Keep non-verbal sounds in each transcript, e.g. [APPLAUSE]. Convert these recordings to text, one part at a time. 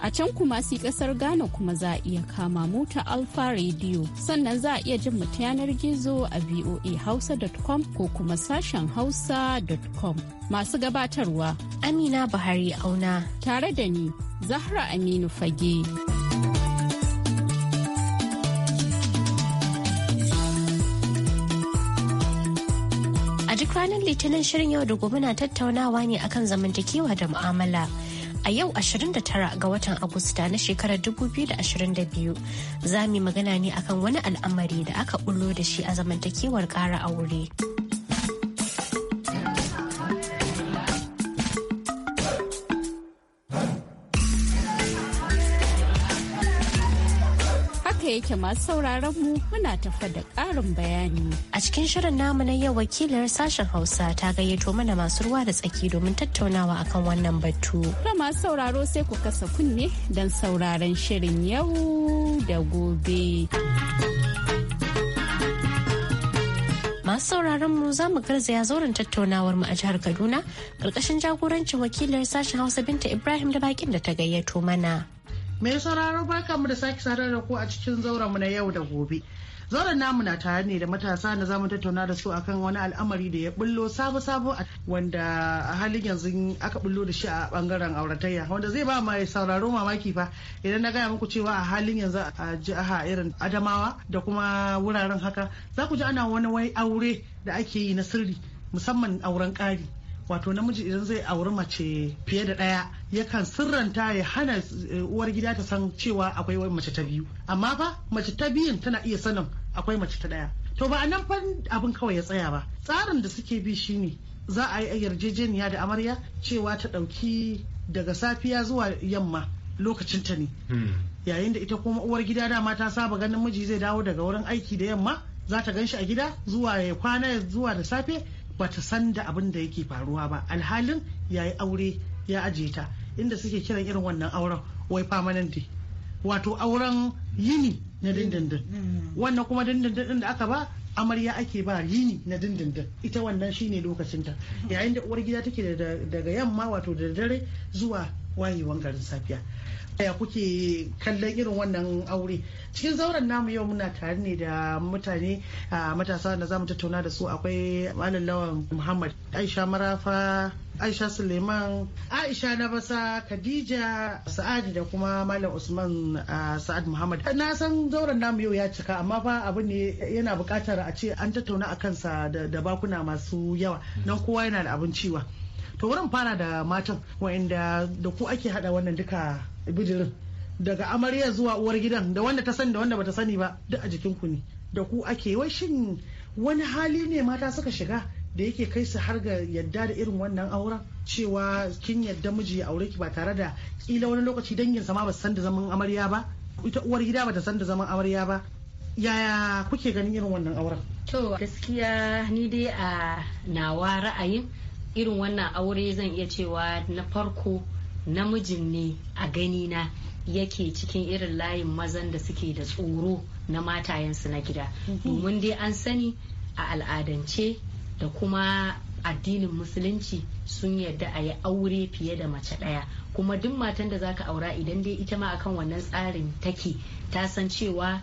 A can kuma si kasar Ghana kuma za a iya kama mu ta Alpha Radio. Sannan za a iya jin mu ta yanar gizo a voahausa.com ko kuma sashen hausa.com. Masu gabatarwa Amina Buhari Auna. Tare da ni Zahra Aminu Fage. A duk ranar litinin shirin yau da gobe na tattaunawa ne akan zamantakewa da mu'amala a yau 29 ga watan Agusta na shekarar 2022 za mu magana ne akan wani al'amari da aka bullo da shi a zamantakewar kara aure. yake masu sauraron mu muna tafa da ƙarin bayani. A cikin shirin namu na yau wakilar sashen Hausa ta gayyato mana masu ruwa da tsaki domin tattaunawa akan wannan batu. Ga masu sauraro sai ku kasa kunne don sauraron shirin yau da gobe. masu sauraron mu za mu garzaya zauren tattaunawar mu a jihar Kaduna ƙarƙashin jagorancin wakilar sashen Hausa Binta Ibrahim da bakin da ta gayyato mana. Mai sauraro barka mu da sake sadar da ku a cikin zauren mu na yau da gobe. Zauren namu na tare ne da matasa da zamu tattauna da su akan wani al'amari da ya bullo sabo-sabo wanda a halin yanzu aka bullo da shi a bangaren auratayya wanda zai ba mai sauraro mamaki fa idan na gaya muku cewa a halin yanzu a jiha irin Adamawa da kuma wuraren haka za ku ji ana wani wai aure da ake yi na sirri musamman auren ƙari. wato namiji idan zai auri mace fiye da ɗaya yakan sirranta ya hana eh, uwar gida ta san cewa akwai mace ta biyu amma fa mace ta biyun tana iya sanin akwai mace ta ɗaya to ba a nan fa abin kawai ya tsaya ba tsarin da suke bi shine za a yi yarjejeniya da amarya cewa ta ɗauki daga safiya zuwa yamma lokacin ta ne hmm. yayin da ita kuma uwar gida dama ta saba ganin miji zai dawo daga wurin aiki da yamma za ta gan shi a gida zuwa ya kwana zuwa da safe bata san da abin da yake faruwa ba alhalin ya yi aure ya ajiye ta inda suke kiran irin wannan auren wai permanent wato auren yini na dindindin mm. wannan kuma dindindin din da aka ba amarya ake ba yini na dindindin ita wannan shine lokacinta mm. yayin da uwar gida take daga yamma wato da dare zuwa wayewan garin safiya ya kuke kallon irin wannan aure cikin zauren namu yau muna tare ne da mutane a matasa da zamu tattauna da su akwai malam lawan muhammad aisha marafa aisha suleiman aisha na basa khadija sa'adi da kuma malam usman sa'ad muhammad na san zauren namu yau ya cika amma fa abu ne yana bukatar a ce an tattauna a kansa da bakuna masu yawa nan kowa yana da abin ciwa to wurin fara da matan wa'inda da ku ake hada wannan duka bijirin daga amarya zuwa uwar gidan da wanda ta sani da wanda bata sani ba duk a jikin ku ne da ku ake wai shin wani hali ne mata suka shiga da yake kai su har ga yadda da irin wannan auren cewa kin yadda miji ya aure ki ba tare da kila wani lokaci danginsa ma ba san da zaman amarya ba ita uwar gida ba ta san da zaman amarya ba yaya kuke ganin irin wannan auren to gaskiya ni dai a nawa ra'ayin irin wannan aure zan iya cewa na farko namijin ne a gani na yake cikin irin layin mazan da suke da tsoro na matayensu na gida mhm. domin dai an sani a al'adance da kuma addinin musulunci sun yarda a yi aure fiye da mace ɗaya kuma duk matan da zaka aura idan dai ita ma akan wannan tsarin take ta san cewa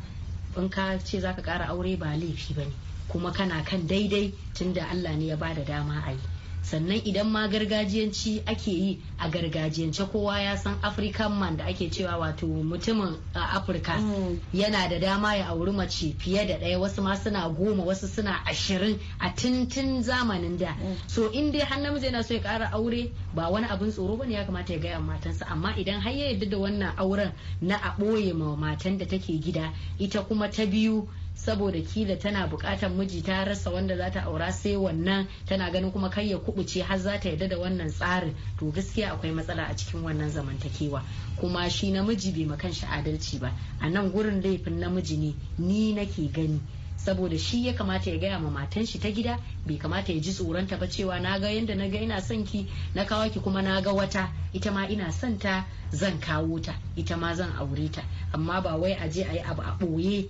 in ka ce zaka ƙara aure ba laifi ba ne kuma kana kan daidai tunda allah ne ya bada dama a yi sannan idan ma gargajiyanci ake yi a gargajiyance kowa ya san african man da ake cewa wato mutumin a afirka mm. yana da dama ya auri mace fiye da ɗaya wasu ma suna goma wasu suna ashirin a tintin zamanin da mm. so in dai har namiji yana so ya ƙara aure ba wani abin tsoro bane ya kamata ya gaya matansa amma idan har ya yarda da wannan auren na a ɓoye ma matan da take gida ita kuma ta biyu saboda kila tana bukatar miji ta rasa wanda za ta aura sai wannan tana ganin kuma kai ya kubuce har za ta yadda da wannan tsarin to gaskiya akwai matsala a cikin wannan zamantakewa kuma shi namiji bai makan shi adalci ba a nan gurin laifin namiji ne ni nake gani saboda shi ya kamata ya gaya ma matan shi ta gida bai kamata ya ji tsoronta ba cewa na ga yadda na ga ina son ki na kawo ki kuma na ga wata ita ma ina son ta zan kawo ta ita ma zan aure ta amma ba wai a je a yi abu a ɓoye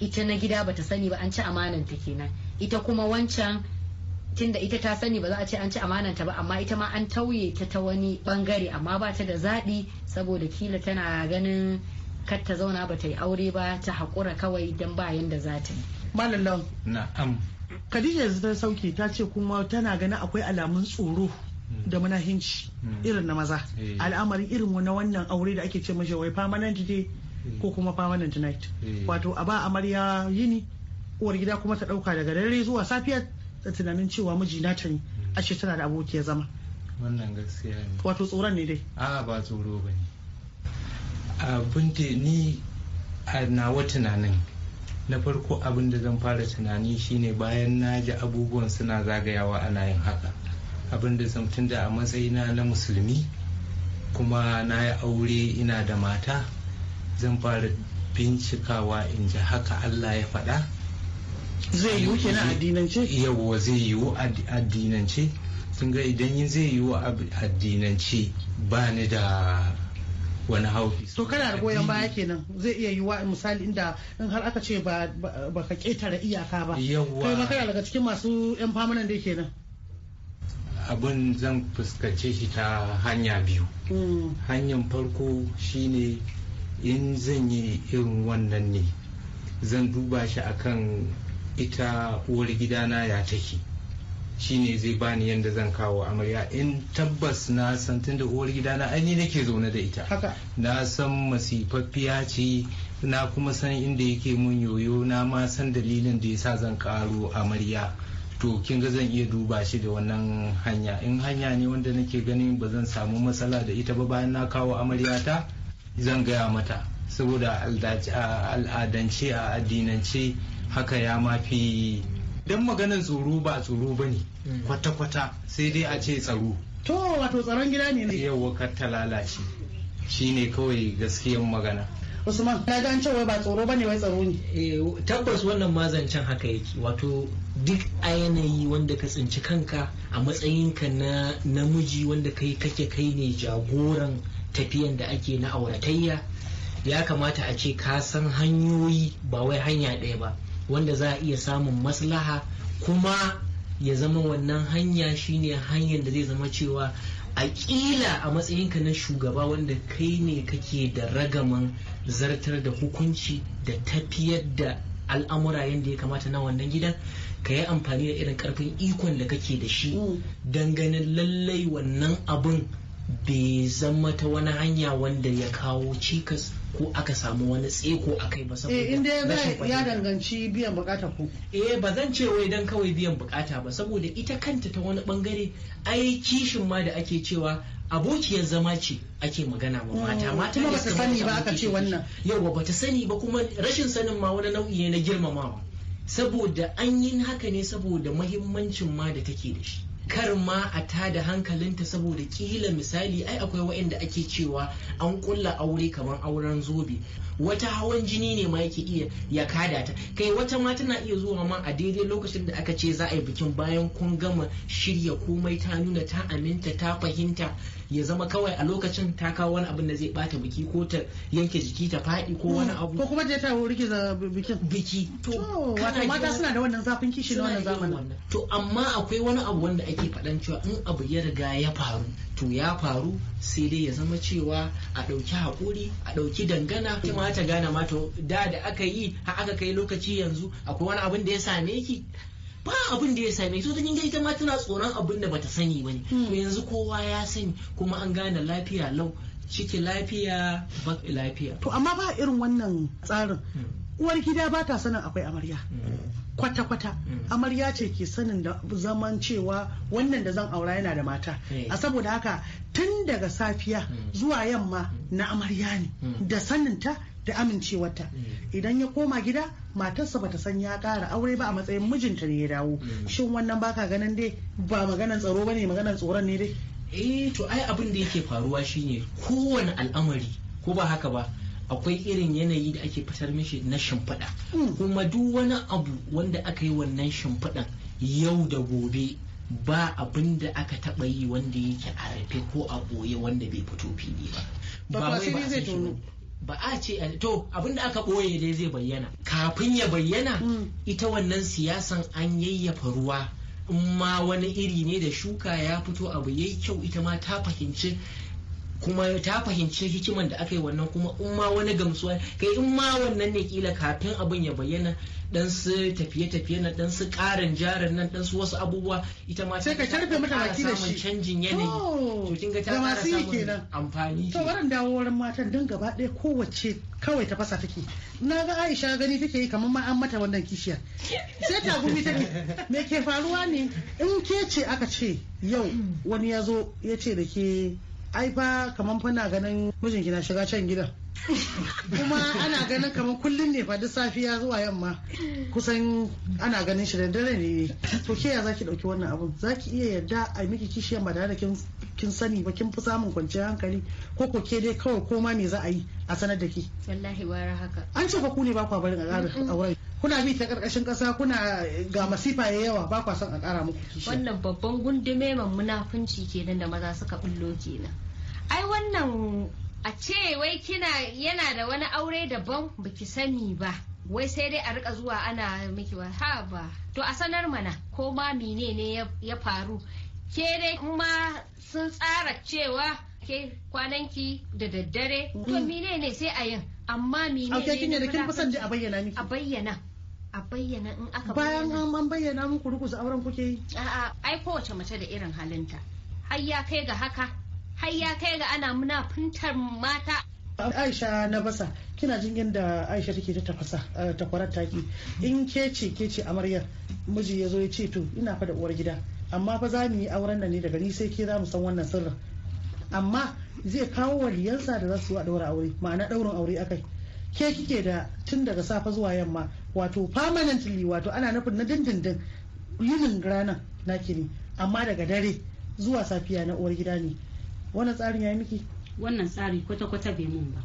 ita na gida bata sani ba an ci amananta kenan ita kuma wancan tunda ita ta sani ba za a ce an ci amananta ba amma ita ma an tauye ta ta wani bangare amma ba ta da zaɗi saboda kila tana ganin kar ta zauna ba ta yi aure ba ta haƙura kawai don ba yanda za ta yi. Malallau. Na'am. Khadija ta sauke ta ce kuma tana ganin akwai alamun tsoro hmm. da manahinci hmm. irin na maza eh. al'amarin irin na wannan aure da ake ce mashi wai permanent dai Hmm. ko kuma permanent night hmm. wato a ba amarya yini uwar gida kuma ta dauka daga dare zuwa safiya ta tunanin cewa miji na ta ne hmm. ashe tana da abokiyar zama wannan gaskiya ne wato tsoron ne dai a ba tsoro ba ne ni a nawa tunanin na farko abin da zan fara tunani shine bayan na ji abubuwan suna zagayawa ana yin haka abin da zan tunda a matsayina na musulmi kuma na yi aure ina da mata zan fara bincikawa in ji haka Allah ya faɗa zai yiwu kenan addinance yawa zai yiwu addinance sun ga idan zai yiwu addinance ba ni da wani haufi to kana da goyon baya kenan zai iya yiwa misali inda in har aka ce ba ka ketare iyaka ba kai ma kana daga cikin masu yan famunan da kenan abin zan fuskace shi ta hanya biyu mm. hanyar farko shine in zan yi irin wannan ne zan duba shi akan ita uwar gidana ya take shine zai bani yadda zan kawo amarya in tabbas na san tunda uwar gidana ainihi nake zaune da ita na san masifaffiya ce na kuma san inda yake mun yoyo na ma san dalilin da yasa zan karo amarya to kin ga zan iya duba shi da wannan hanya in hanya ne wanda nake ganin ba zan samu matsala da ita ba bayan na kawo amarya ta. zan gaya mata saboda al'adance a addinance haka ya mafi don maganin tsoro ba tsoro ba ne mm. kwata-kwata sai dai a ce tsaro to wato tsaron gida ne yau wakar ta lalace shine kawai gaskiyan magana Usman na ga an cewa ba tsoro bane wai tsaro ne. Eh, tabbas wannan mazancen haka yake wato duk a yanayi wanda ka tsinci kanka a matsayinka na namiji wanda kai kake kai ne jagoran tafiyan da ake na auratayya ya kamata a ce ka san hanyoyi ba wai hanya ɗaya ba wanda za a iya samun maslaha kuma ya zama wannan hanya shine hanyar da zai zama cewa a kila a matsayinka na shugaba wanda kai ne kake da ragaman zartar da hukunci da tafiyar da al'amura yadda ya kamata na wannan gidan ka yi amfani da irin karfin ikon da kake da shi mm. don ganin lallai wannan abin bai zama ta wani hanya wanda ya kawo cikas ko aka samu wani tseko a kai ba eh, saboda inda ya danganci biyan bukata ko eh ba zan ce wai dan kawai biyan bukata ba saboda ita kanta ta wani bangare ai kishin ma da ake cewa abokiyar zama ce ake magana ma mata hmm. mata ba ta sani ba aka ce wannan yawa ba ta sani ba kuma rashin sanin ma wani nau'i ne na girmamawa saboda an yi haka ne saboda mahimmancin ma da take da shi kar ma a tada hankalinta saboda kila misali ai akwai waɗanda ake cewa an kulla aure kamar auren zobe wata hawan jini ne ma yake iya ya kada ta kai wata ma tana iya zuwa ma a daidai lokacin da aka ce za a yi bikin bayan kun gama shirya komai ta nuna ta aminta ta fahimta ya zama kawai a lokacin ta kawo wani abin da zai bata biki ko ta yanke jiki ta faɗi ko wani hmm. abu ko kuma je ta rigiza bikin biki to wato mata suna da wannan zafin kishi na wannan zamanin to amma akwai wani abu wanda ake faɗan cewa in abu ya riga ya faru to ya faru sai dai ya zama cewa a ɗauki hakuri a ɗauki dangana kuma kamata gane ma da da aka yi har aka kai lokaci yanzu akwai wani abin da ya same ki ba abin da ya same ki to kin ga ita ma tana tsoron abin da bata sani bane hmm. to yanzu kowa ya sani kuma an gane lafiya lau ciki lafiya ba lafiya to amma ba irin wannan tsarin hmm. uwar gida ba ta sanin akwai amarya hmm. kwata-kwata amarya ce ke sanin da zaman cewa wannan da zan aura yana da mata a saboda haka tun daga safiya zuwa yamma na amarya ne da saninta da amincewarta mm. idan ya koma gida matarsa bata san ya kara aure ba a matsayin mijinta ne ya dawo mm. shin wannan baka ganin dai ba maganan tsaro bane maganan tsoron ne dai eh to ai abin da yake faruwa shine kowane al'amari ko ba haka ba akwai irin yanayi da ake fitar mishi na shimfiɗa mm. kuma duk wani abu wanda aka yi wannan shimfiɗan yau da gobe ba abin da aka taɓa yi wanda yake a rufe ko a ɓoye wanda bai fito fili ba ba wai ba zai ba a ce eh, to abinda aka ɓoye dai zai bayyana kafin ya bayyana mm. ita wannan siyasan an yayyafa ruwa in ma wani iri ne da shuka ya fito abu yayi kyau ita ma ta fahimci kuma ta fahimci hikiman da aka yi wannan kuma in ma wani gamsuwa kai in ma wannan ne kila kafin abin ya bayyana dan su tafiye-tafiye na dan su karin jarin nan dan su wasu abubuwa ita ma sai ka karfe mata baki da shi canjin yanayi oh, to kin ga ta fara samun amfani to waran dawo wurin matan dan gaba ɗaya kowace kawai ta fasa take na ga Aisha gani take yi kamar ma an mata wannan kishiyar sai ta gumi take me ke faruwa ne in ke ce aka ce yau wani ya zo ya ce da ke ai fa kaman fa na ganin mijinki na shiga can gida kuma ana ganin kamar kullum ne fa duk safiya zuwa yamma kusan ana ganin shi da dare ne to ke ya zaki dauki wannan abun zaki iya yadda a miki kishiyar ba da kin kin sani ba kin fi samun kwanciyar hankali ko ko ke dai kawai koma me za a yi a sanar da ki wallahi wara haka an ce fa ku ne ba kwa barin a auren kuna bi ta karkashin kasa kuna eh, ga masifa ya yawa ba kwa son a kara muku kishi wannan babban gundume man munafunci kenan da maza suka bullo kenan ai wannan a ce wai kina yana da wani aure daban baki sani ba wai sai dai a rika zuwa ana miki wa ha ba to a sanar mana ko ma mine ne ya faru ke dai kuma sun tsara cewa ke kwananki da daddare to mm. menene sai a yin amma me ne kin da kin kusan da a bayyana miki a bayyana a bayyana in aka bayan an bayyana muku rukusa auren kuke yi a'a ai kowace mace da irin halinta har ya kai ga haka har ya kai ga ana munafuntar mata Aisha na basa kina jin yadda Aisha take ta tafasa eh, ta kwararta ki in ke ce ke ce amaryar miji ya zo ya ce to ina fa da uwar gida amma fa za mu yi auren nan ne daga ni sai ke za mu san wannan sirrin amma zai kawo waliyansa da za su a daura aure ma'ana daurin aure akai ke kike da tun daga safe zuwa yamma wato permanently wato ana nufin na dindindin yinin ranar naki ne amma daga dare zuwa safiya na uwar gida ne wannan tsarin ya yi miki wannan tsari kwata-kwata bai mun ba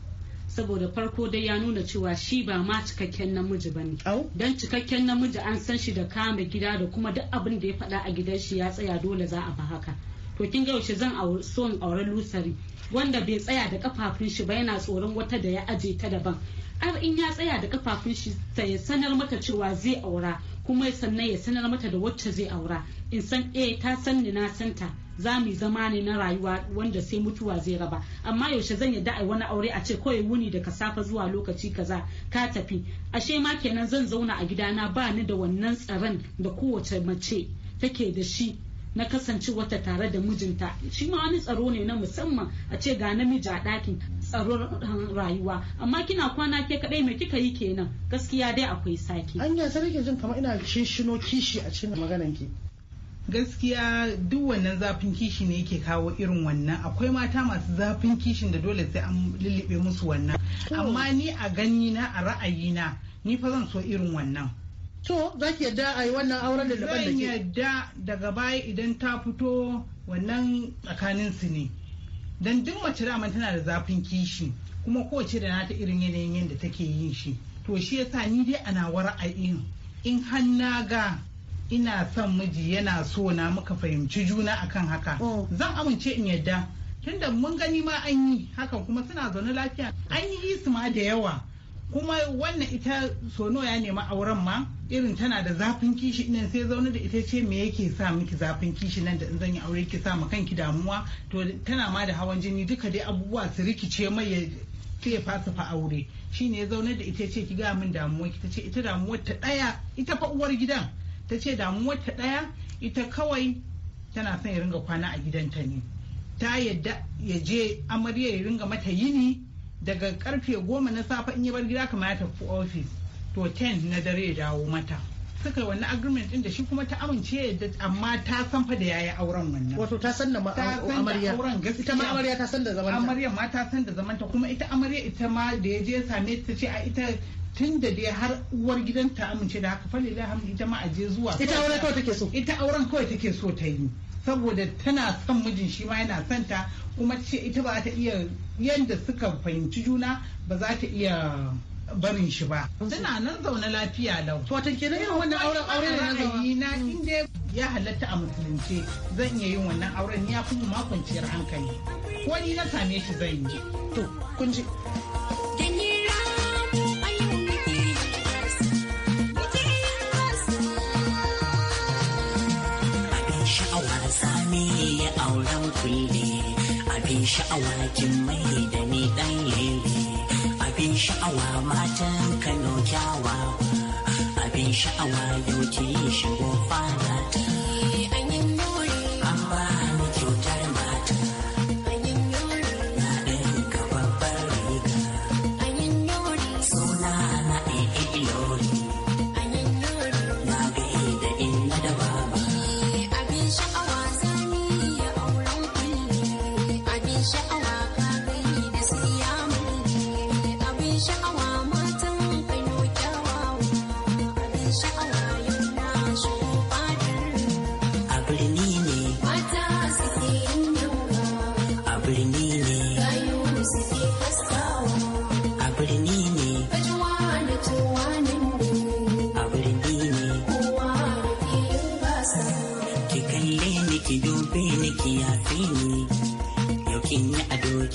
saboda farko dai ya nuna cewa shi ba ma cikakken namiji ba ne don cikakken namiji an san shi da kama gida da kuma duk abin da ya faɗa a gidan shi ya tsaya dole za a ba haka to kin ga yaushe zan son auren lusari wanda bai tsaya da kafafun shi ba yana tsoron wata da ya aje ta daban har in ya tsaya da kafafun shi ta ya sanar mata cewa zai aura kuma sannan ya sanar mata da wacce zai aura in san eh ta san ni na san ta za mu zama ne na rayuwa wanda sai mutuwa zai raba amma yaushe zan yadda ai wani aure a ce kawai wuni daga safa zuwa lokaci kaza ka tafi ashe ma kenan zan zauna a gidana ba ni da wannan tsaron da kowace mace take da shi na kasance wata tare da mijinta shi ma wani tsaro ne na musamman a ce ga namiji a ɗakin tsaron rayuwa amma kina kwana ke kaɗai me kika yi kenan gaskiya dai akwai sake an sai nake jin kamar ina shishino kishi a cikin maganan ki gaskiya duk wannan zafin kishi ne yake kawo irin wannan akwai mata masu zafin kishin da dole sai an lullube musu wannan amma ni a gani na a ra'ayi na ni fa zan so irin wannan to za ki yadda a yi wannan auren da daban da ke zan yadda daga baya idan ta fito wannan tsakanin su ne dan duk mace da tana da zafin kishi kuma kowace da nata irin yanayin yadda take yin shi to shi yasa ni dai ana a in har na ga ina son miji yana so na muka fahimci juna akan haka oh. zan amince in yadda tunda mun gani ma an yi hakan kuma suna zaune lafiya an yi isma da yawa kuma wannan ita sono ya nemi auren ma irin tana da zafin kishi nan sai zaune da ita ce me yake sa miki zafin kishi nan da in zan yi aure ki sa ma kanki damuwa to tana ma da hawan jini duka dai abubuwa su rikice mai ya sai fasa fa aure shine ya zaune da ita ce ki ga min damuwa ki ce ita damuwar ta daya ita fa uwar gidan ta ce damuwar ta daya ita kawai tana son ya ringa kwana a gidanta ne ta yadda ya je amarya ya ringa mata yini daga karfe goma na safe in yi bar gida kamar ya tafi ofis to 10 na dare ya dawo mata suka yi wani agreement din da shi kuma ta amince da amma ta san fa da yayi auren wannan wato ta san da amarya ita ma amarya ta san da zamanta amarya ma ta san da zamanta kuma ita amarya ita ma da ya je same ta ce a ita tun da dai har uwar gidan ta amince da haka falle hamdu ita ma a je zuwa ita auren kawai take so ita auren kawai take so ta yi saboda tana son mijin shi ma yana son ta kuma ce ita ba ta iya yadda suka fahimci juna ba za ta iya barin shi ba. Tana nan zaune lafiya lau. To ta ke nan wannan auren aure da ra'ayi na in dai ya halatta a musulunce zan iya yin wannan auren ya kuma ciyar hankali. Ko ni na same shi zan yi. To kun ji auren kulle abin sha'awa kin mai da ni dan lele abin sha'awa matan Kano kyawawa abin sha'awa yau ke shigo fada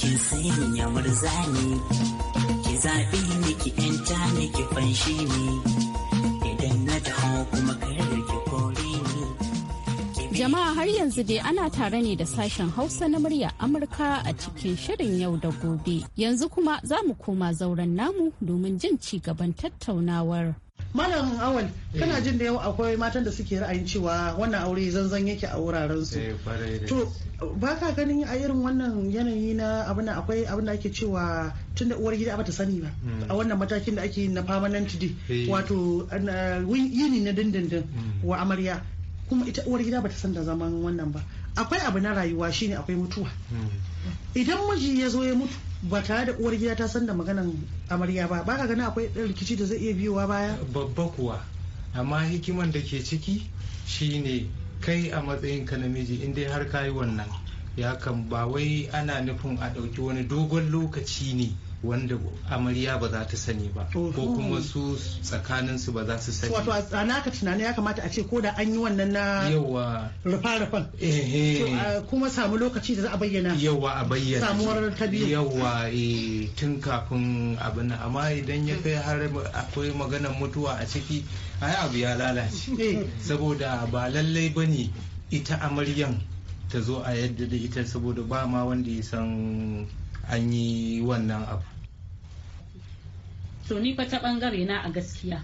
cikin sai ya murza ne ki zaɓi ni ki yanta ni ki fanshi ni idan na taho kuma kar ki kore ni jama'a har yanzu dai ana tare ne da sashen hausa na murya amurka a cikin shirin yau da gobe yanzu kuma za mu koma zauren namu domin jin ci gaban tattaunawar malam awal kana eh. jin da yau akwai matan da suke ra'ayin cewa wannan aure zanzan yake a wuraren su eh, to ba ka ganin a irin wannan yanayi na abin akwai abin da ake cewa tunda uwar gida ba ta sani ba hmm. a wannan matakin da ake na permanent day eh. wato yini na dindindin hmm. wa amarya kuma ita uwar gida ba ta san da zaman wannan ba akwai abu na rayuwa shine akwai mutuwa hmm. idan miji ya zo ya mutu ba tare da uwar gida ta san da maganan amarya ba baka ka gani akwai rikici da zai iya biyowa baya babba kuwa amma hikiman da ke ciki shine kai a matsayin ka namiji in dai har kayi wannan ya kan ba wai ana nufin a ɗauki wani dogon lokaci ne wanda amarya ba za ta sani ba ko kuma su tsakanin su ba za su sani wato a naka tunani ya kamata a ce ko da an yi wannan na yawa rufa rufan kuma samu lokaci da za a bayyana yawa a bayyana samuwar ta biyu yawa eh, tun kafin abin amma idan ya kai har akwai maganar mutuwa a ciki ai abu ya lalace [LAUGHS] eh. saboda ba lallai bane ita amaryan ta zo a yadda da ita saboda ba ma wanda ya san an yi wannan abu to ni fa ta bangare na a gaskiya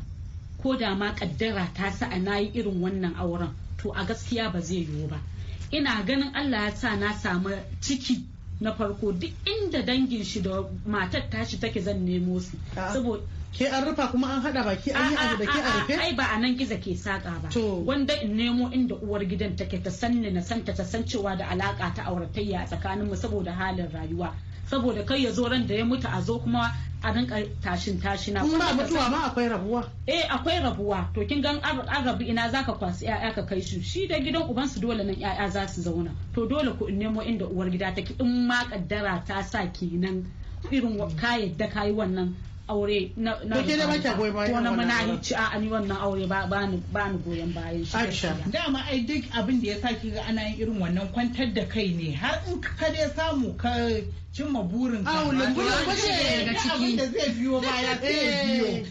ko da ma kaddara ta sa'a na yi irin wannan auren to a gaskiya ba zai yiwu ba ina ganin Allah ya sa na samu ciki na farko duk inda dangin shi da matar tashi take zan nemo su saboda ke an rufa kuma an hada baki an yi abu da ke a rufe ai ba a nan gizo ke saka ba wanda in nemo inda uwar gidan take ta sanni na santa ta san cewa da alaka ta auratayya a tsakanin mu saboda halin rayuwa saboda kai ya zo ran da ya mutu a zo kuma a rinka tashin tashina kuma ba mutuwa ma akwai rabuwa eh akwai rabuwa to kin gan an rabu ina zaka kwasi yaya ka kai shi shi da gidan uban su dole nan yaya za su zauna to dole ku nemo inda uwar gida take in ma kaddara ta sa kenan irin ka yadda kayi wannan aure na da na ko na muna ci a ni wannan aure ba ba ni ba ni goyon bayan shi dama ai duk abin da ya saki ga ana yin irin wannan kwantar da kai ne har in ka dai samu ka cimma burin ka a lumbulan bace ga ciki eh. da zai biyo baya sai ya biyo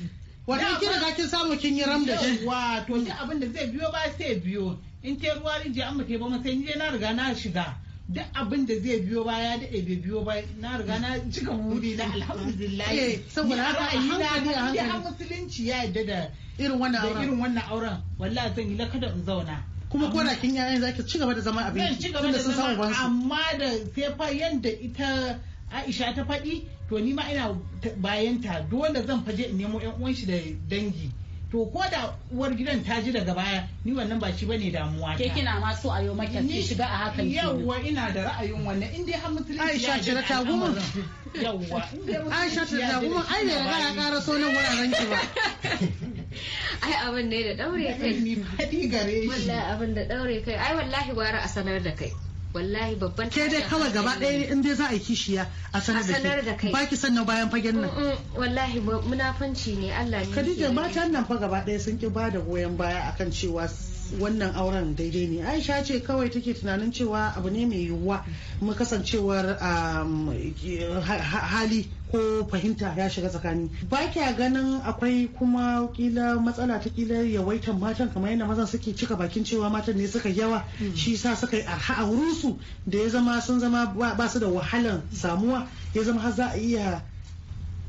wato kira da kin samu kin yi ram da shi wato duk abin da zai biyo ba sai biyo in te ruwa rinje an te ba sai ni dai na riga na shiga duk abin da zai biyo baya da bai biyo baya na riga na cika muri na alhamdulillah eh, saboda haka a hankali a hankali musulunci ya yadda da irin wannan auren irin wannan auren wallahi zan yi lakada in zauna kuma ko da kin yayin zaki ci gaba da zama abin tunda sun samu wansu amma da sai fa yanda ita Aisha ta faɗi to ni ma ina bayanta, dole zan faje in nemo ƴan uwan shi da dangi to ko da uwar gidan ta ji daga baya ni wannan ba shi bane damuwa ta ke kina ma so a yau maka ki shiga a hakan ki yawwa ina da ra'ayin wannan in dai har ya Aisha ce ta goma yawwa Aisha ce ta goma ai ne ga ya ƙara so nan wuraren ki ba [LAUGHS] ai abin ne da daure kai ni fadi gare shi wallahi abin da daure kai ai wallahi gwara a sanar da kai wallahi babban ke dai kawai gaba ɗaya in dai za a yi kishiya a sanar da kai baki sannan bayan fagen nan wallahi munafanci ne Allah ne matan nan fa gaba ɗaya sun ki bada goyon baya akan cewa wannan auren daidai ne aisha ce kawai take tunanin cewa abu ne mai yiwuwa mu kasancewar um, hali ko fahimta ya shiga tsakani ba kya ganin akwai kuma kila matsala ta kila yawaitan matan kamar yadda mazan suke cika bakin cewa matan ne suka yawa hmm. shi sa suka yi arha a wurinsu da ya zama sun zama ba su da wahalan samuwa ya zama har za a iya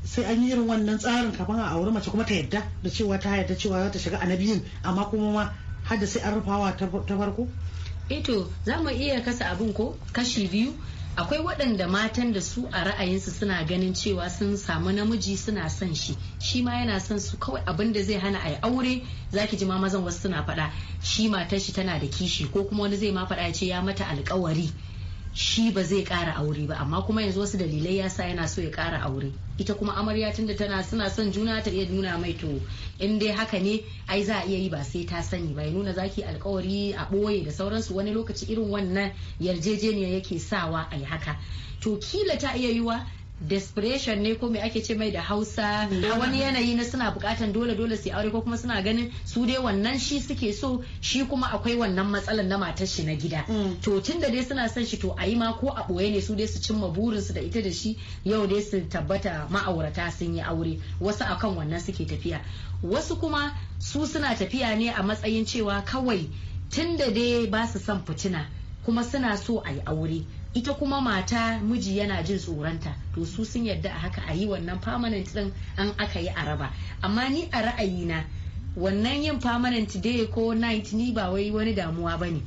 sai an yi irin wannan tsarin kafin a auri mace kuma ta yadda da cewa ta yadda cewa za ta shiga anabiyin amma kuma ma har sai an rufawa ta farko eto eh za mu iya kasa abin ko kashi biyu akwai waɗanda matan da su a ra'ayinsu suna ganin cewa sun samu namiji suna son shi shi ma yana son su kawai abin da zai hana a yi aure zaki ji ma mazan wasu suna faɗa shi matar shi tana da kishi ko kuma wani zai ma faɗa ya ce ya mata alkawari shi ba zai ƙara aure ba amma kuma yanzu wasu dalilai ya sa yana so ya ƙara aure ita kuma amarya tunda tana suna son juna ta iya nuna mai to in dai haka ne ai za a iya yi ba sai ta sani ba ya nuna zaki alkawari a ɓoye da sauransu wani lokaci irin wannan yarjejeniya yake sawa a haka to kila ta iya yiwa desperation ne ko me ake ce mai da hausa mm. a wani yanayi na suna bukatan dole dole su aure ko kuma suna ganin su dai wannan shi suke so shi kuma akwai wannan matsalan na matar shi na gida mm. to tunda dai suna son shi to a yi ma ko a boye ne su dai su cimma burin su da ita da shi yau dai su tabbata ma'aurata sun yi aure wasu akan wannan suke tafiya wasu kuma su suna tafiya ne a matsayin cewa kawai tunda dai ba su son fitina kuma suna so a yi aure ita kuma mata miji yana jin tsoronta to su sun yadda a haka a yi wannan permanent din an aka yi a raba amma ni a ra'ayina wannan yin permanent day ko night ni ba wai wani damuwa bane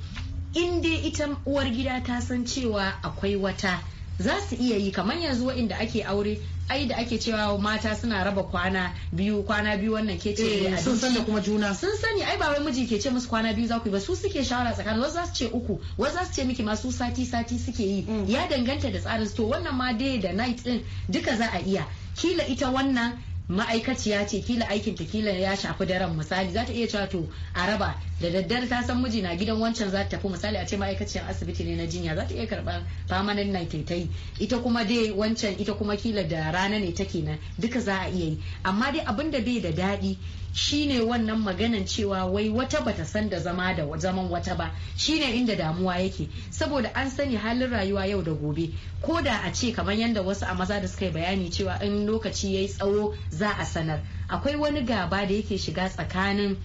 in dai ita uwar gida ta san cewa akwai wata za su iya yi kamar yanzu waɗanda ake aure ai da ake cewa mata suna raba kwana biyu kwana biyu wannan ke ce eh, sun san kuma juna sun sani ai ba wai miji ke ce musu kwana biyu za ku yi ba su suke shawara tsakanin wasu za su ce uku wasu za su ce miki masu sati sati suke yi mm. ya danganta da tsarin to wannan ma dai da night din duka za a iya kila ita wannan ma'aikaciya ce kila aikin ta kila ya shafi daren misali za ta iya cewa to a raba da daddare ta san miji na gidan wancan za ta tafi misali a ce ma'aikaciyar asibiti ne na jinya za ta iya karban permanent night ta yi ita kuma dai wancan ita kuma kila da rana ne take nan duka za a iya yi amma dai abin da bai da daɗi shine wannan maganan cewa wai wata bata san da zama da zaman wata ba shine inda damuwa yake saboda an sani halin rayuwa yau da gobe ko da a ce kamar yadda wasu a maza da suka yi bayani cewa in lokaci ya yi tsawo za a sanar akwai wani gaba da yake shiga tsakanin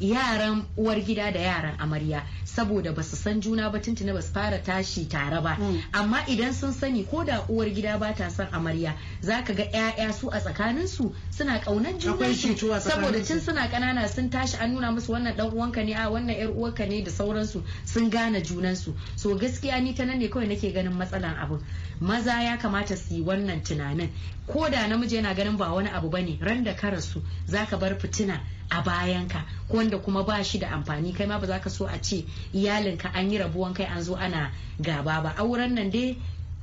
yaran uwar gida da yaran amarya saboda ba su san juna ba tuntuni ba su fara tashi tare ba mm. amma idan sun sani ko da uwar gida ba ta san amarya za ka ga 'ya'ya su a tsakanin su suna kaunan juna saboda tun suna kanana sun tashi an nuna musu wannan dan uwanka ne a wannan yar uwarka ne da sauransu sun gane junan su so gaskiya ni ta nan ne kawai nake ganin matsalan abu maza ya kamata su yi wannan tunanin ko da namiji yana ganin ba wani abu bane ran da ka rasu zaka bar fitina a bayanka ko wanda kuma ba shi da amfani kai ma ba za ka so a ce iyalinka an yi rabuwan kai an zo ana gaba ba auren nan dai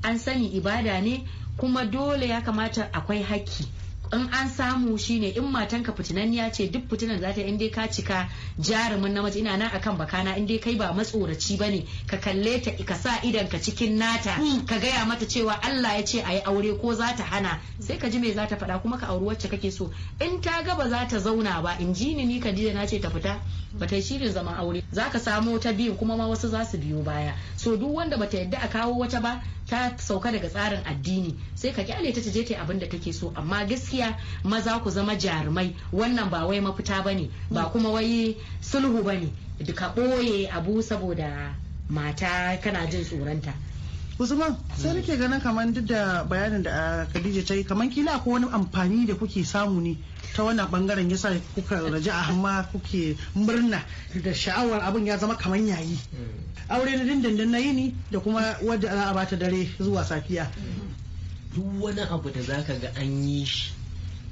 an sani ibada ne kuma dole ya kamata akwai haƙƙi in an samu shine in matanka fitinanniya ce duk fitinan za ta dai ka cika jarumin namiji ina nan akan bakana in dai kai ba matsoraci bane ka kalle ta ka sa idan ka cikin nata ka gaya mata cewa Allah ya ce a yi aure ko za ta hana sai ka ji me za ta faɗa kuma ka auri wacce kake so in ta ga ba za ta zauna ba in ji ni ji na ce ta fita ba ta shirin zaman aure za ka samo ta biyu kuma ma wasu za su biyo baya so duk wanda ba ta yadda a kawo wata ba ta sauka daga tsarin addini sai ka kyale ta je ta abin da take so amma gaskiya maza ku zama jarumai wannan ba wai mafita bane ba kuma wai sulhu bane duka ɓoye abu saboda mata kana jin tsoronta usman sai mm. nake ganin kamar duk da bayanin da ah, khadija ta yi kamar kila ko wani amfani da kuke samu ne ta wannan bangaren yasa kuka raja a hama kuke murna da sha'awar abin ya zama kamar yayi mm. aure na dindindin na yini da kuma wadda za a bata dare zuwa safiya mm. duk wani abu da zaka ga an yi shi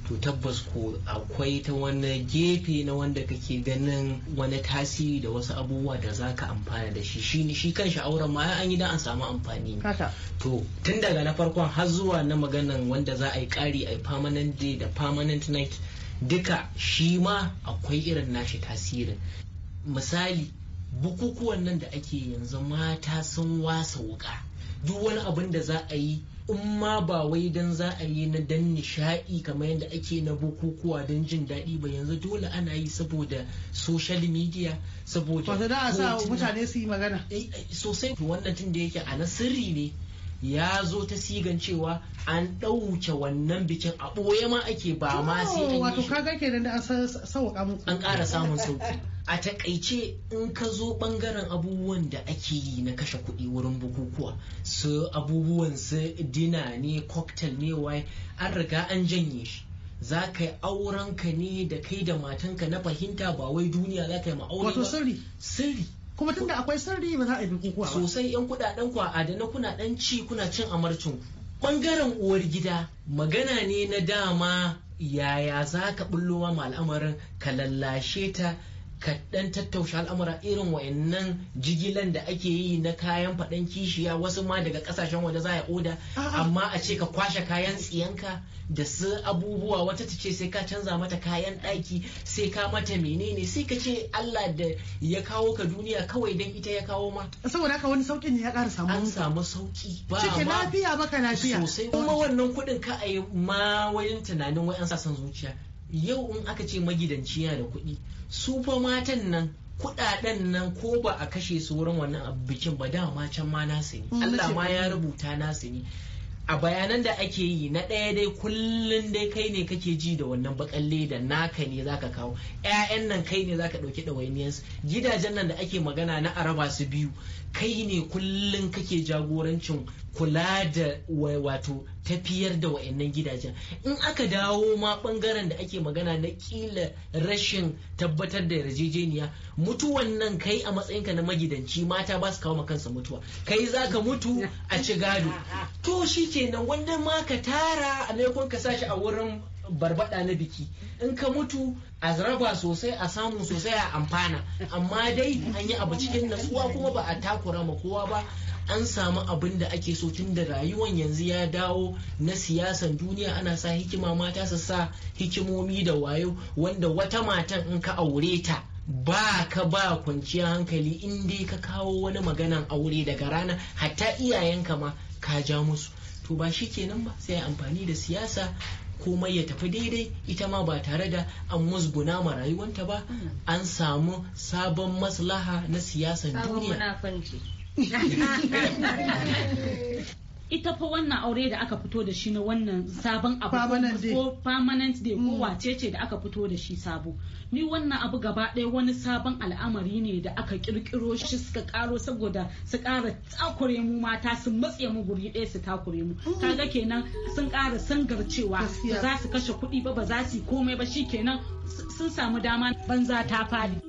to tabbas ko akwai ta wani gefe na wanda kake ganin wani tasiri da wasu abubuwa da za ka amfana da shi shi shi kan auren ma an yi dan an samu amfani to tun daga na farkon har zuwa na maganan wanda za a yi kari a yi permanent day da permanent night duka shi ma akwai irin nashi tasirin misali bukukuwan nan da ake yanzu mata sun wasa wuka duk wani abin da za a yi in ma ba wai dan za a yi na dan nishaɗi kamar yadda ake na bukukuwa don jin daɗi ba yanzu dole ana yi saboda social media saboda da a mutane su yi magana eh, eh, sosai wannan tun da yake a na sirri ne ya zo ta sigan cewa an ɗauke wannan bikin a ɓoye ma ake ba ma sai an yi wato kaga kenan da an sauka muku an ƙara samun sauki a takaice in ka zo ɓangaren abubuwan da ake yi na kashe kuɗi wurin bukukuwa su abubuwan su dina ne cocktail ne wai an riga an janye shi za ka yi aurenka ne da kai da matanka na fahimta ba wai duniya za ka yi ma'aure ba kuma tunda akwai sarri ba za a yi bukukuwa ba sosai yan kudaden ku a adana kuna dan ci kuna cin amarcin ku bangaren uwar gida magana ne na dama yaya za ka bullowa ma al'amarin ka lallashe ta kaɗan dan tattaushe al'amura irin wayannan jigilan da ake yi na kayan faɗan kishiya wasu ma daga kasashen waje za a oda amma a ce ka kwashe kayan tsiyanka da su abubuwa wata ta ce sai ka canza mata kayan ɗaki sai ka mata menene sai ka ce Allah da ya kawo ka duniya kawai dan ita ya kawo ma saboda haka wani saukin ne ya ƙara samu an samu sauki ba cike lafiya baka lafiya sosai kuma wannan kuɗin ka ayi ma wayin tunanin wayan an sa son zuciya yau in aka ce magidanci yana da kuɗi su fa matan nan kuɗaɗen nan ko ba a kashe su wurin wannan bikin ba dama can ma nasu ne mm, Allah ma ya rubuta nasu ne a bayanan da ake yi na ɗaya dai kullum dai kai ne kake ji da wannan bakan leda naka ne zaka kawo ƴaƴan nan kai ne zaka ɗauki ɗawainiyarsu gidajen nan da ake magana na araba su biyu kai ne kullum kake jagorancin kula da wato tafiyar da wa'annan gidajen in aka dawo ma bangaren da ake magana na kila rashin tabbatar da yarjejeniya mutuwan nan kai a matsayinka na magidanci mata ba su kawo kansa mutuwa kai za ka mutu a ci gado to shi kenan wanda ma ka tara a maimakon ka sashi a wurin barbada na biki in ka mutu a raba sosai a samu sosai a amfana amma dai an yi abu cikin natsuwa kuma ba a takura ma kowa ba an samu abin da ake so tun da rayuwan yanzu ya dawo na siyasan duniya ana sa hikima mata su sa hikimomi da wayo wanda wata matan in ka aure ta ba ka ba kwanciya hankali in dai ka kawo wani maganan aure daga rana hatta iyayenka ma ka ja musu to ba shi kenan ba sai amfani da siyasa komai ya tafi daidai ita ma ba tare da an musguna ma rayuwanta ba mm. an samu sabon maslaha na siyasan duniya [LAUGHS] ita fa wannan aure da aka fito da shi na wannan sabon abu ko permanent day ko mm. wace ce da aka fito da shi sabo ni wannan abu gaba ɗaya wani sabon al'amari ne da aka kirkiro shi suka karo saboda su kara takure mu mata su matse mu guri ɗaya su takure mu mm. kaga kenan sun kara sangar cewa ba za su kashe kuɗi ba ba za su yi komai ba shi kenan sun samu dama banza ta fadi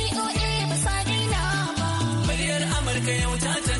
ka yau ta